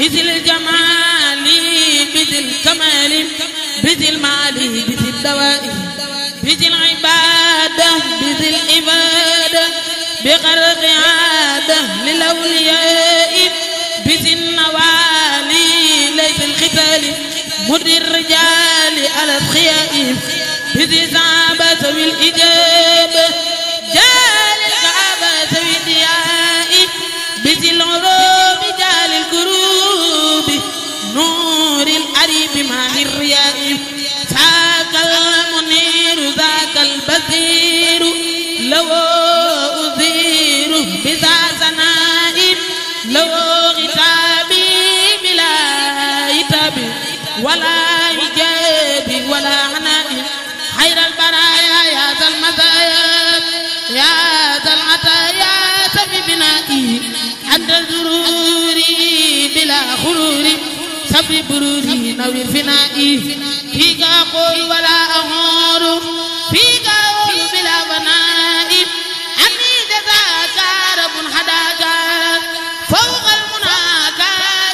بذي الجمال بذي الكمال بذي المال بذي الدواء بذي العبادة بذي الإبادة بغرق عادة للأولياء بذي النوالي ليس الختال مر الرجال على الخيائم بذي زعبة بالإجابة جاء غريب بما من رياء ذاك المنير ذاك البثير لو أذير بذا زنائب لو غتاب في برودي في فنائي في أقول ولا أمور في أقول بلا بناء أني جزاك رب هداك فوق المناك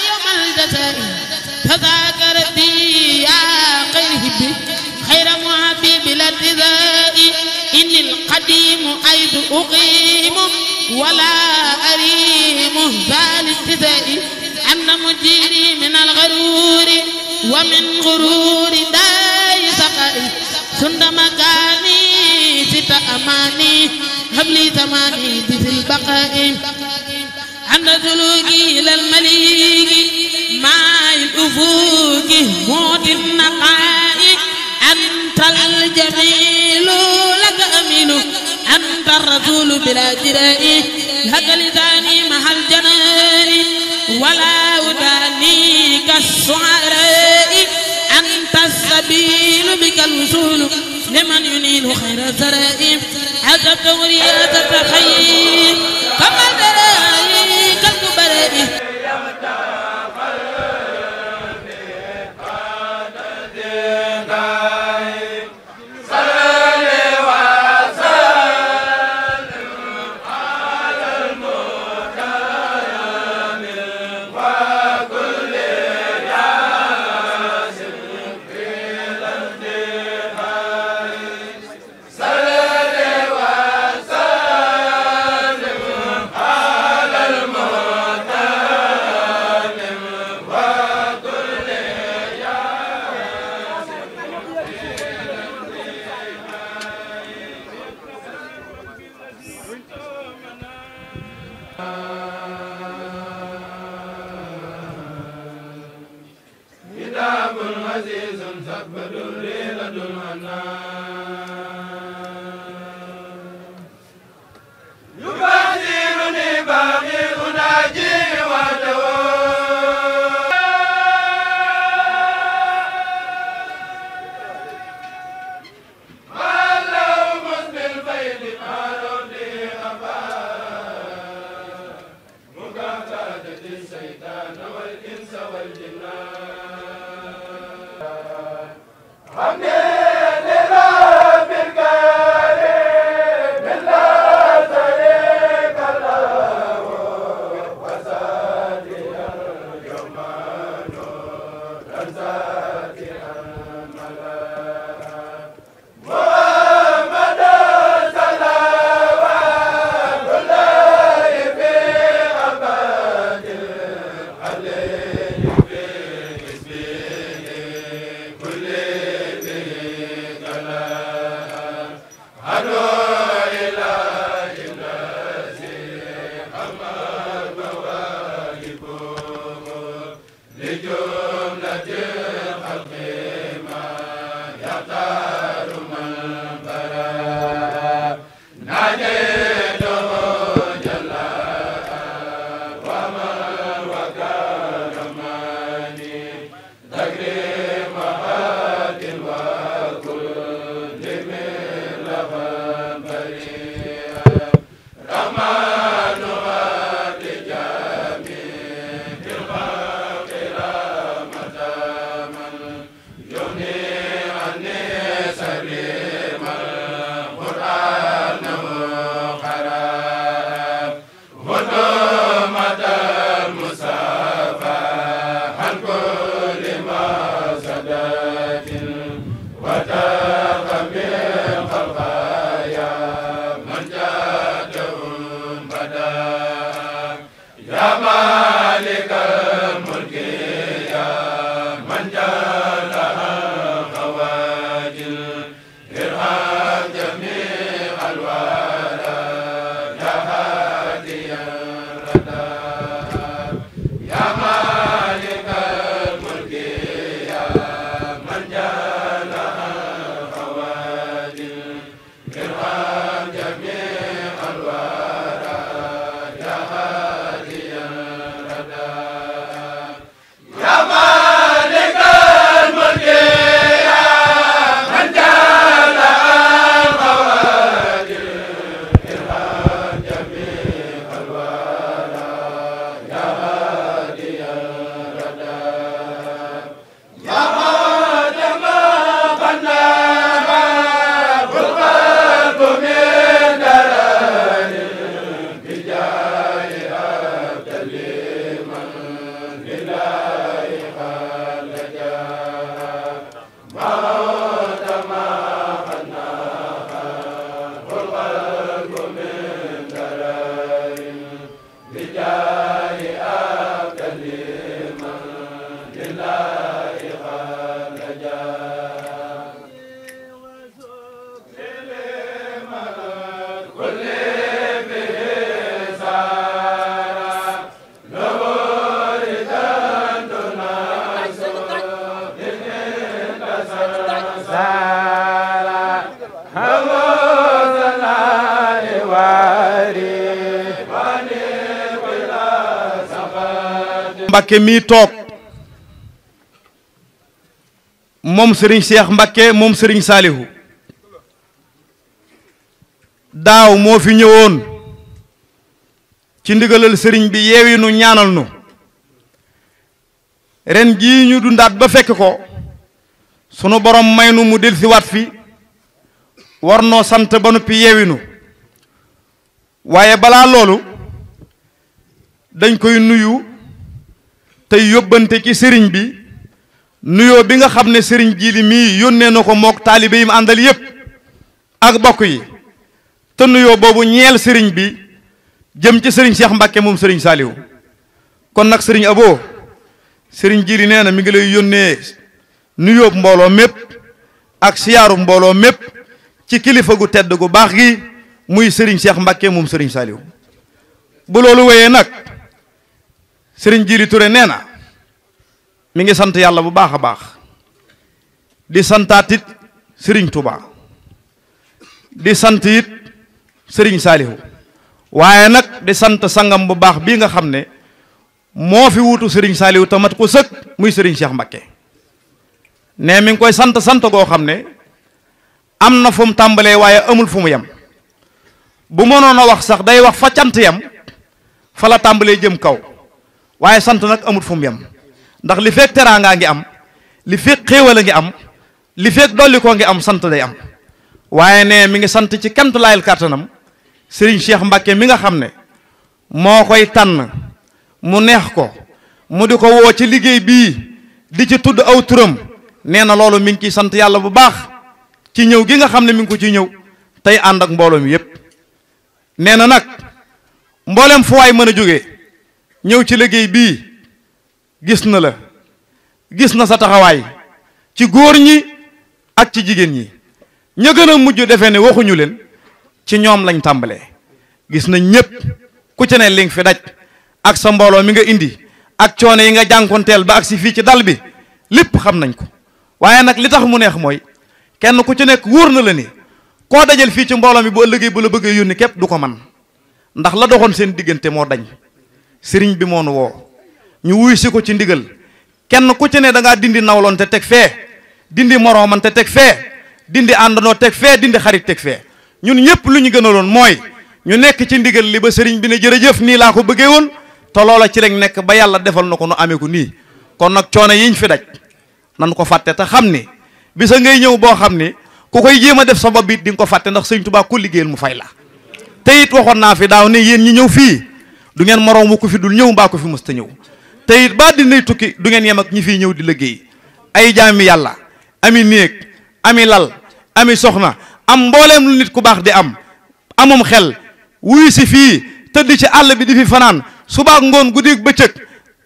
يوم الجزاء تذاكر بي يا قلبي خير معبي بلا ابتداء إن القديم أيد أقيم ولا أريم ذا الابتداء أن مجرم غرور ومن غرور داي سقائي سند مكاني ست أماني هبلي زماني بذي البقاء عند ذلوقي إلى المليك مع موت النقاء أنت الجميل لك أمين أنت الرسول بلا جرائي لك لساني مع الجنائي ولا أداني كالشعراء أنت السبيل بك الوصول لمن ينيل خير الزرائم عجبت ولي تتخيل Uh... yeah. Mbacke mii toog moom sëriñ Cheikh mbakke moom sëriñ Saalihu daaw moo fi ñëwoon ci ndigalal sëriñ bi yeewi nu ñaanal nu ren jii ñu dundaat ba fekk ko sunu borom may nu mu dellusiwaat fi war noo sant ba noppi yeewi waaye balaa loolu dañ koy nuyu te yóbbante ci sëriñ bi nuyoo bi nga xam ne sëriñ jiili mii yónnee na ko mook taalibe mu àndal yépp ak bokk yi te nuyoo boobu ñeel sëriñ bi jëm ci sëriñ Cheikh Mbacke moom sëriñ Saliou kon nag sëriñ Abo sëriñ Jili nee na mi ngi lay yónnee nuyoo mbooloo mépp ak siyaaru mbooloo mépp ci kilifa gu tedd gu baax gi muy sëriñ Cheikh Mbacke moom sëriñ Saliou bu loolu wéyee nag Sering jiri Touré nena, mingi mi ngi bu baax a baax di santatit sëriñ Touba di sant it di santai sangam bu baax bii nga xam sering salihu, fi wutu sëriñ salihu tamat ko sëkk muy sëriñ Cheikh Mbakke ne mi ngi koy sant sant goo am na amul fum yam bu mënoon a wax sax day wax fa fa la waaye sant nag amut fu mu yem ndax li fekk teraangaa ngi am li fekk xéewal a ngi am li fekk dolli ngi am sant day am waaye ne mi ngi sant ci kemt laayal kàttanam sëriñ Cheikh Mbacke mi nga xam ne moo koy tànn mu neex ko mu di ko woo ci liggéey bii di ci tudd aw turam nee na loolu mi ngi ciy sant yàlla bu baax ci ñëw gi nga xam ne mi ngi ko ci ñëw tey ànd ak mbooloo mi yépp nee na nag mbooleem fu waay mën a jóge ñëw ci liggéey bii gis na la gis na sa taxawaay ci góor ñi ak ci jigéen ñi ña gën a mujj defee ne waxuñu leen ci ñoom lañu tàmbalee gis na ñépp ku ci ne li fi daj ak sa mbooloo mi nga indi ak coono yi nga jànkonteel ba ak si fii ci dal bi lépp xam nañ ko waaye nag li tax mu neex mooy kenn ku ci nekk wóor na la ni koo dajal fii ci mbooloo mi bu ëllëgee bu la bëggee yónni képp du ko man ndax la doxoon seen diggante moo dañ sëriñ bi moo moonu woo ñu wuy si ko ci ndigal kenn ku ci ne da dindi nawloon te teg fee dindi morooman te teg fee dindi àndandoo teg fee dindi xarit teg fee ñun ñëpp lu ñu gënaloon mooy ñu nekk ci ndigal li ba sëriñ bi ne jërëjëf nii laa ko bëggee woon te loola ci lañ nekk ba yàlla defal na ko nu amee ko nii kon nag coono yiñ fi daj nan ko fàtte te xam ni bi sa ngay ñëw boo xam ni ku koy jéem a def sa bopp bi di nga ko fàtte ndax sëñ Tuubaa ku liggéeyal mu fay la te ñëw fii du ngeen moroom moroomu ko fi dul ñëw mbaa ko fi mësta ñëw te it ba dinay tukki du ngeen yem ak ñi fiy ñëw di liggéey ay jaami yàlla ami néeg ami lal ami soxna am mbooleem lu nit ku baax di am amum xel wuyu si fii tëdd ci àll bi di fi fanaan subaak ngoon guddeeg bëccëg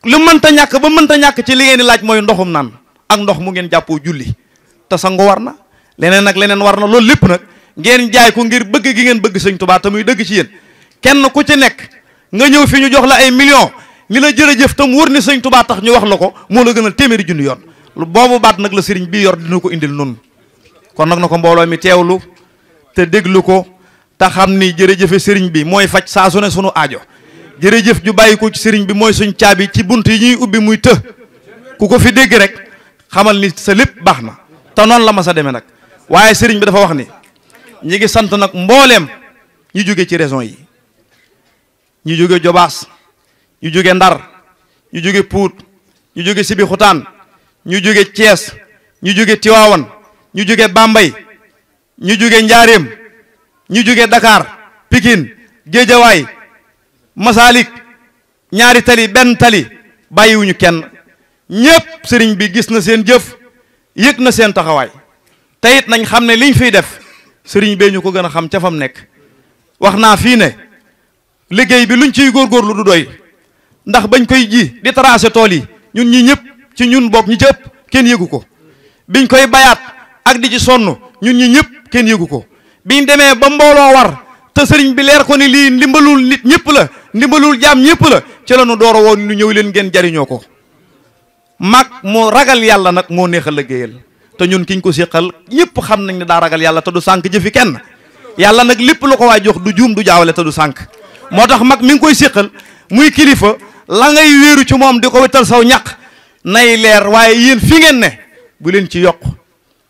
lu mënta ñàkk ba mënta ñàkk ci li ngeen laaj mooy ndoxum naan ak ndox mu ngeen jàppoo julli te sangu war na leneen nag leneen war na loolu lépp nag ngeen jaay ko ngir bëgg gi ngeen bëgg sëñ Tuubaa te muy dëgg ci yéen kenn ku ci nekk nga ñëw fi ñu jox la ay millions ni la jërëjëf tam wóor ni sëñ tubaa tax ñu wax la ko moo la gën a téeméeri junni yoon lu boobu baat nag la sëriñ bii yor dina ko indil noonu kon nag na ko mbooloo mi teewlu te déglu ko te xam ni jërëjëfe sëriñ bi mooy faj saa su ne sunu aajo jërëjëf ju bàyyi ko ci sëriñ bi mooy suñ caabi ci bunt yi ñuy ubbi muy të ku ko fi dégg rek xamal ni sa lépp baax na te noonu la ma sa demee nag waaye sëriñ bi dafa wax ni ñi ngi sant nag mbooleem ñi jóge ci raison yi ñu jóge jobaas ñu jóge ndar ñu jóge puut ñu jóge sibi xutaan ñu jóge cees ñu jóge tiwaawan ñu jóge bambay ñu jóge njaaréem ñu jóge dakar pikin géejawaay masaalik ñaari tali benn tali bàyyiwuñu kenn ñépp sëriñ bi gis na seen jëf yëg na seen taxawaay teyit nañ xam ne liñ fiy def sëriñ bee ñu ko gën a xam ca fam nekk wax naa fii ne liggey bi luñ ciy lu du doy ndax bañ koy ji di tracé tool yi ñun ñi ñep ci ñun bok ñi ci ëpp kenn ko biñ koy bayat ak di ci sonu ñun ñi ñep kenn yëgu ko biñ démé ba mbolo war te sëriñ bi leer ko ni li ndimbalul nit ñep la ndimbalul jam ñep la ci lañu nu won ñu ñëw leen gën jariñoo ko mag moo ragal yalla nak mo neexal a te ñun kiñ ko séqal ñep xam nañ ni da ragal yalla te du sank jëfi kenn yalla nak lepp lu ko du joom du jaawale te du sank moo tax mag mi ngi koy séqal muy kilifa la ngay wéeru ci moom di ko wettal saw ñaq nay leer waaye yéen fi ngeen ne bu leen ci yokk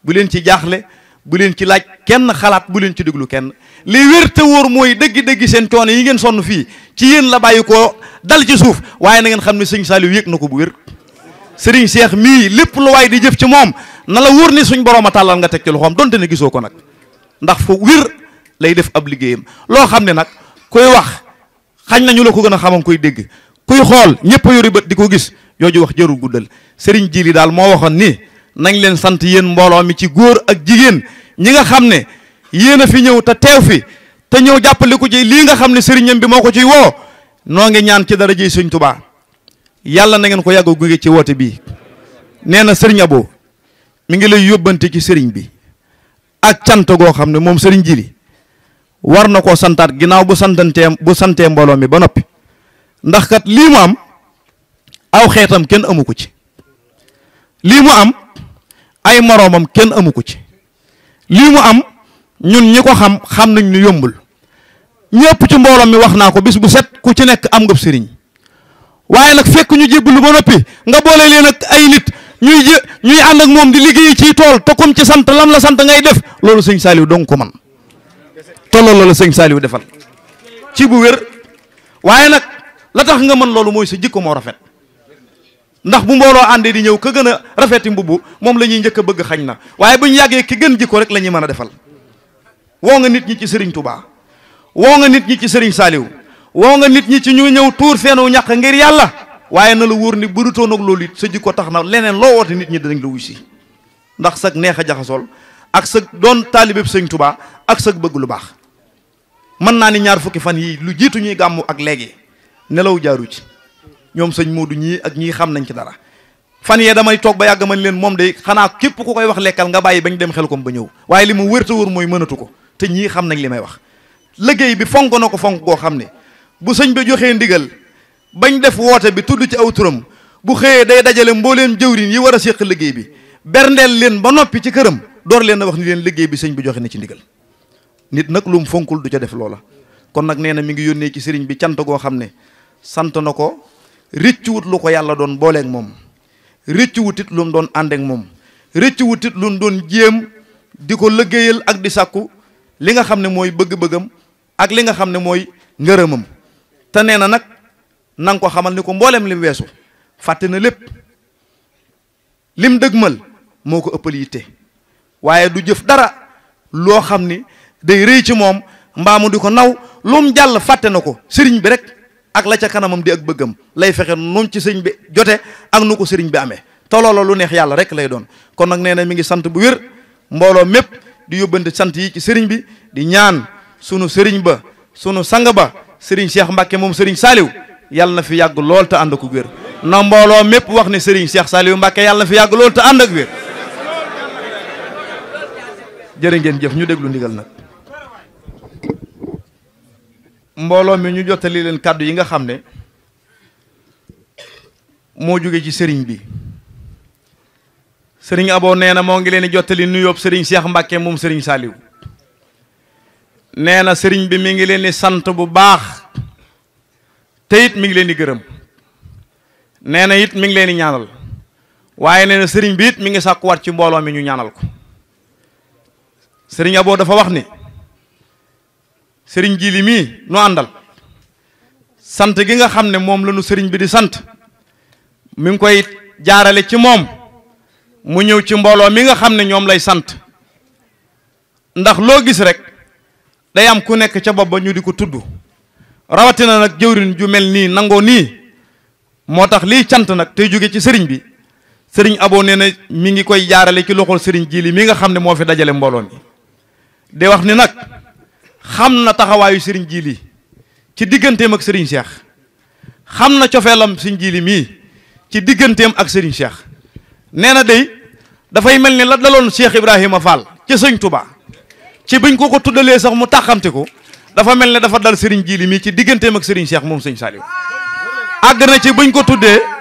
bu leen ci jaaxle bu leen ci laaj kenn xalaat bu leen ci déglu kenn li wér te wóor mooy dëgg-dëgg seen coono yi ngeen sonn fii ci yéen la bàyyi ko dal ci suuf waaye na ngeen xam ne sëñ Saliou yëg na ko bu wér sëriñ Cheikh mii lépp lu waaye di jëf ci moom na la wóor ni suñ borom a tàllal nga teg ci loxoom donte ne gisoo ko nag ndax fu wér def ab liggéeyam loo xam ne nag koy wax xañ nañu la ko gën a xamam koy dégg kuy xool ñëpp a yori bët di ko gis yooju wax jëru guddal sëriñ ji li daal moo waxoon ni nañ leen sant yéen mbooloo mi ci góor ak jigéen ñi nga xam ne yéen a fi ñëw te teew fi te ñëw jàppale ko ci lii nga xam ne sëriñam bi moo ko ciy woo noo ngi ñaan ci dara ji sëñ Tuubaa yàlla na ngeen ko yàgg a gunge ci woote bii nee na sëriñ Abo mu ngi lay yóbbante ci sëriñ bi ak cant goo xam ne moom sëriñ ji li war na koo santaat ginnaaw bu santantee bu santee mbooloo mi ba noppi ndax kat lii mu am aw xeetam kenn amu ko ci lii mu am ay moroomam kenn amu ko ci lii mu am ñun ñi ko xam xam nañ ni yombul ñëpp ci mbooloo mi wax naa ko bis bu set ku ci nekk am nga sëriñ waaye nag fekk ñu lu ba noppi nga boole leen ak ay nit ñuy jë ñuy ànd ak moom di liggéey ciy tool te comme ci sant lam la sant ngay def loolu sëñ Saliou dong ko man tolloo la sëñ Saliou defal ci bu wér waaye nag la tax nga mën loolu mooy sa jikko moo rafet ndax bu mbooloo àndee di ñëw ka gën a rafeti mbubb moom la ñuy njëkk a bëgg xañ na waaye ba ñu yàggee ki gën jikko rek la ñuy mën a defal woo nga nit ñi ci sëriñ tubaa woo nga nit ñi ci sëriñ Saliou woo nga nit ñi ci ñu ñëw tuur seenu ñax ngir yàlla waaye na la wóor ni bu dutoon ak loolu it sa jikko tax na leneen loo woote nit ñi danañ la wuy si ndax sag neex a jaxasool ak sag doon taalibeb sëñ ak sag bëgg lu baax mën naa ni ñaar fukki fan yi lu jiitu ñuy gàmmu ak léegi nelaw jaaru ci ñoom sëñ Modou ñii ak ñii xam nañ ci dara fan yee damay toog ba yàgg man leen moom day xanaa képp ku koy wax lekkal nga bàyyi bañ dem xel kom ba ñëw waaye li mu wër te wër mooy mënatu ko te ñii xam nañ li may wax liggéey bi fonk na ko fonk koo xam ne bu sëñ bi joxee ndigal bañ def woote bi tudd ci aw turam bu xëyee day dajale mbooleem jëwriñ yi war a séq liggéey bi berndeel leen ba noppi ci këram door leen a wax ni leen liggéey bi sëñ bi joxe na ci ndigal nit nag lu mu fonkul du ca def loola kon nag nee na mi ngi yónnee ci sëriñ bi cant goo xam ne sant na ko rëccuwut lu ko yàlla doon booleeg moom rëccuwut it doon àndeek moom rëccuwut it doon jéem di ko liggéeyal ak di sàkku li nga xam ne mooy bëgg-bëggam ak li nga xam ne mooy ngërëmam te nee na nag nan nga ko xamal ni ko mbooleem lim weesu fàtte na lépp lim dëgmal moo ko ëppal yitte waaye du jëf dara loo xam ni day rëy ci mom mbaa diko naw lum jall faté nako ko bi rek ak la ca kanamam di ak bëggam lay fexé num ci bi jote ak nuko ko bi amé to lolo lu neex yalla rek lay doon kon nak néna mi ngi sant bu wër mbolo mepp di yóbbante sant yi ci bi di ñaan sunu sëriñ ba sunu sang ba sëriñ Cheikh mbacké mom sëriñ saliw yalla na fi yag lool ta and ko wër na mbolo mepp wax ne sëriñ Cheikh saliw mbacké yalla na fi yag lool ta and ak wër jërë ngeen jëf ñu déglu ndigal nak mbooloo mi ñu jottali leen kàddu yi nga xam ne moo jóge ci sëriñ bi sëriñ Abo nee na moo ngi leen di jottali nuyoob sëriñ Cheikh Mbacke moom sëriñ Saliou nee na sëriñ bi mi ngi leen di sant bu baax te it mi ngi leen di gërëm nee na it mi ngi leen di ñaanal waaye nee na sëriñ bi it mi ngi sàkkuwaat ci mbooloo mi ñu ñaanal ko sëriñ Abo dafa wax ni. sëriñ Jili mii nu àndal sant gi nga xam ne moom la nu sëriñ bi di sant mi ngi koy jaarale ci moom mu ñëw ci mbooloo mi nga xam ne ñoom lay sant ndax loo gis rek day am ku nekk ca bopp ba ñu di ko tudd rawatina nag jëwrin ju mel nii nangoo nii moo tax lii cant nag tey jóge ci sëriñ bi sëriñ aboo nee na mi ngi koy jaarale ci loxol sëriñ jiili mi nga xam ne moo fi dajale mbooloo mi di wax ni nag xam na taxawaayu sëriñ Jili ci digganteem ak sëriñ seex xam na cofeelam sëriñ Jili mii ci digganteem ak sëriñ Cheikh nee na day dafay mel ni la daloon Cheikh Ibrahima Fall ci sëñ tubaa ci buñ ko ko tuddalee sax mu taxamte ko dafa mel ne dafa dal sëriñ jiili mii ci digganteem ak sëriñ Cheikh moom sëñ Saliou àgg na ci buñ ko tuddee.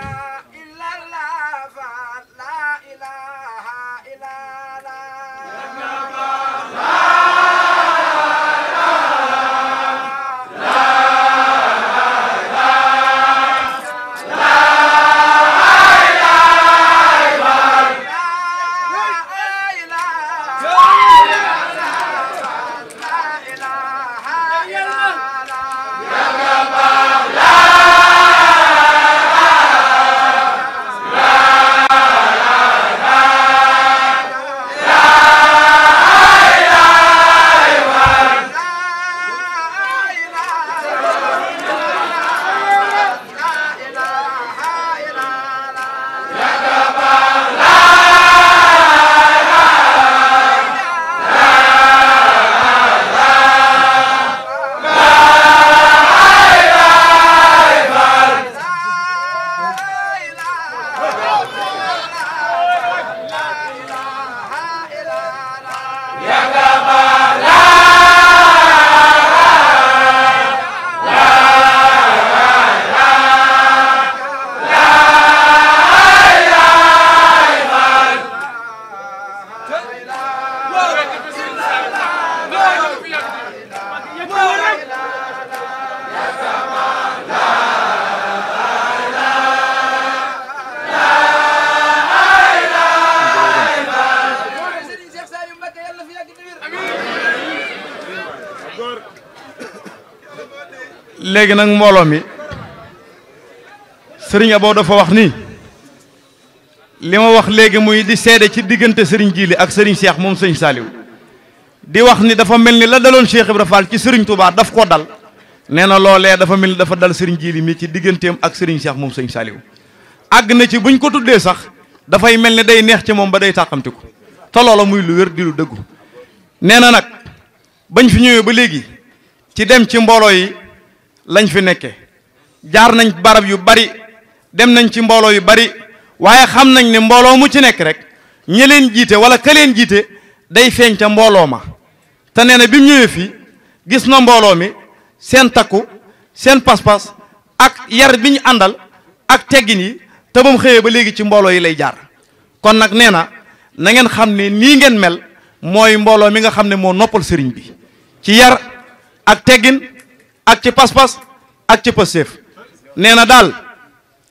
léegi nag mbooloo mi sëriñ Abo dafa wax ni li ma wax léegi muy di seede ci diggante sëriñ Jili ak sëriñ seex moom sëñ saaliw di wax ni dafa mel ni la daloon Cheikh Ibra Fall ci sëriñ Touba daf ko dal nee na loolee dafa mel ni dafa dal sëriñ Jili mi ci digganteem ak sëriñ Cheikh moom sëriñ Saliou àgg na ci buñ ko tuddee sax dafay mel ni day neex ci moom ba day tàqamti ko te loola muy lu wér di lu dëggu nee na nag bañ fi ñëwee ba léegi ci dem ci mbooloo yi lañ fi nekke jaar nañ barab yu bari dem nañ ci mbooloo yu bari waaye xam nañu ne mbooloo mu ci nekk rek ñi leen jiite wala ka jiite day feeñ ca mbooloo ma te nee na bi mu ñëwee fii gis na mbooloo mi seen takku seen pas-pas ak yar bi ñu àndal ak teggin yi te ba mu xëyee ba léegi ci mbooloo yi lay jaar kon nag nee na na xam ne nii ngeen mel mooy mbooloo mi nga xam ne moo noppal sëriñ bi ci yar ak teggin ak ci pas-pas ak ci passeef nee na daal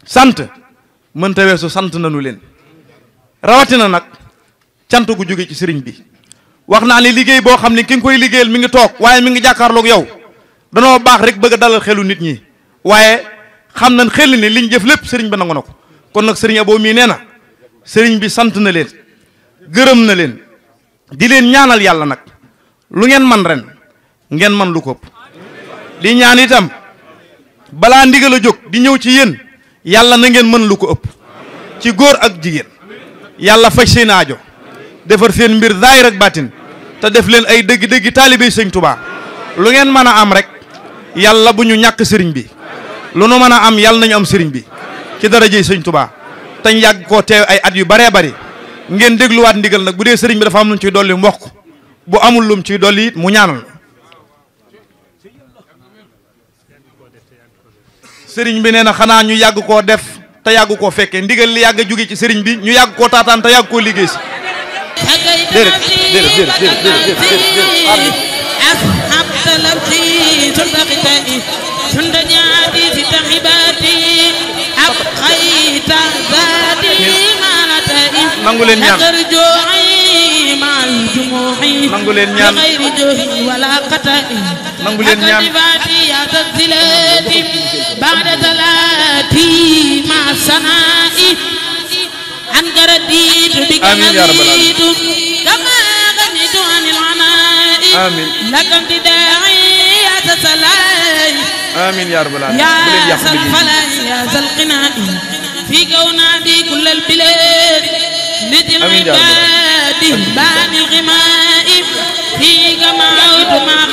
sant mënta weesu sant nanu leen rawatina nag cant gu jóge ci sëriñ bi wax naa ni liggéey boo xam ne ki nga koy liggéeyal mi ngi toog waaye mi ngi jàkkaarloog yow danoo baax rek bëgg a dalal xelu nit ñi waaye xam nañ xel ni liñ jëf lépp sëriñ bi nangu na ko kon nag sëriñ Abo mii nee na sëriñ bi sant na leen gërëm na leen di leen ñaanal yàlla nag lu ngeen man ren ngeen man lu ko di ñaan itam balaa ndigal a jóg di ñëw ci yéen yàlla na ngeen mën lu ko ëpp ci góor ak jigéen yàlla faj seen aajo defar seen mbir zaahir ak baatin te def leen ay dëgg-dëgg taalibey sëñ Tuubaa lu ngeen mën a am rek yàlla bu ñu ñàkk sëriñ bi lu nu mën a am yàlla nañu am sëriñ bi ci darajey sëñ Tuubaa tañ yàgg koo teew ay at yu baree bari ngeen dégluwaat ndigal nag bu dee sëriñ bi dafa am lu mu ciy dolli mboq bu amul lum ciy dolli mu ñaanal serigne bi neena na ñu yag ko def ta yag ko fekke ndigal li yag juugi ci serigne bi ñu yàgg تنزلات بعد ثلاثي مع سنائي عن جرديت بك نزيد كما غنيت عن العناء لك امتداعي يا تسلاي آمين يا رب العالمين يا سلفلاي يا سلقناء في كونادي كل البلاد نجم عبادي بان الغماء فيك ما عود ما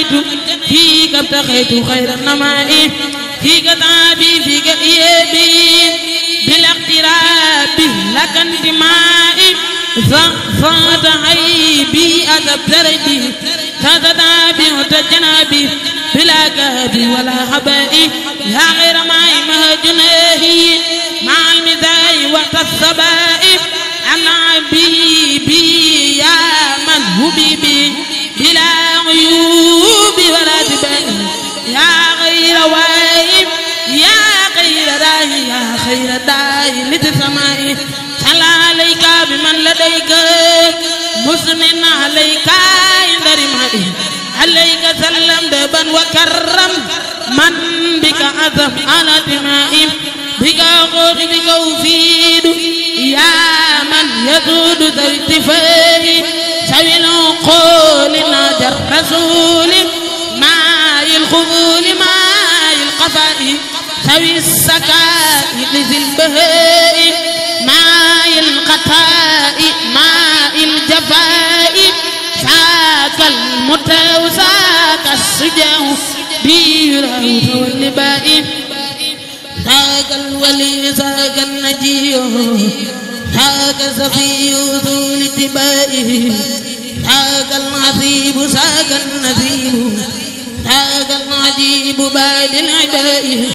ابتغيت فيك ابتغيت خير النماء فيك تعبي فيك إيابي بالاقتراب لك انتمائي فانت عيبي أدبترتي تتتابي وتجنبي بلا كهب ولا هبائي يا غير ماي مهجناهي مع المداي والتصبائي أنا حبيبي يا من هبيبي إلى غيوب ولد بني يا غير واهب يا غير داهي يا خير داهي لتسمعي صلى عليك بمن لديك مسلم عليك عند رمائي عليك سلم دبا وكرم من بك عظم على دمائي بك أخوك بك أفيد يا من يدود ذا اتفاقي سبيل قول ناجر رسول ما الخبول ما القفاء ثوي السكاء لذي البهاء ماء القطاء ماء الجفاء فاك المتى السجاو السجاء بيره واللباء ذاك الولي ذاك النجي ذاك زفي ذو الاتباء هذا العذيب ساق النذيب هذا العجيب بعد العجائب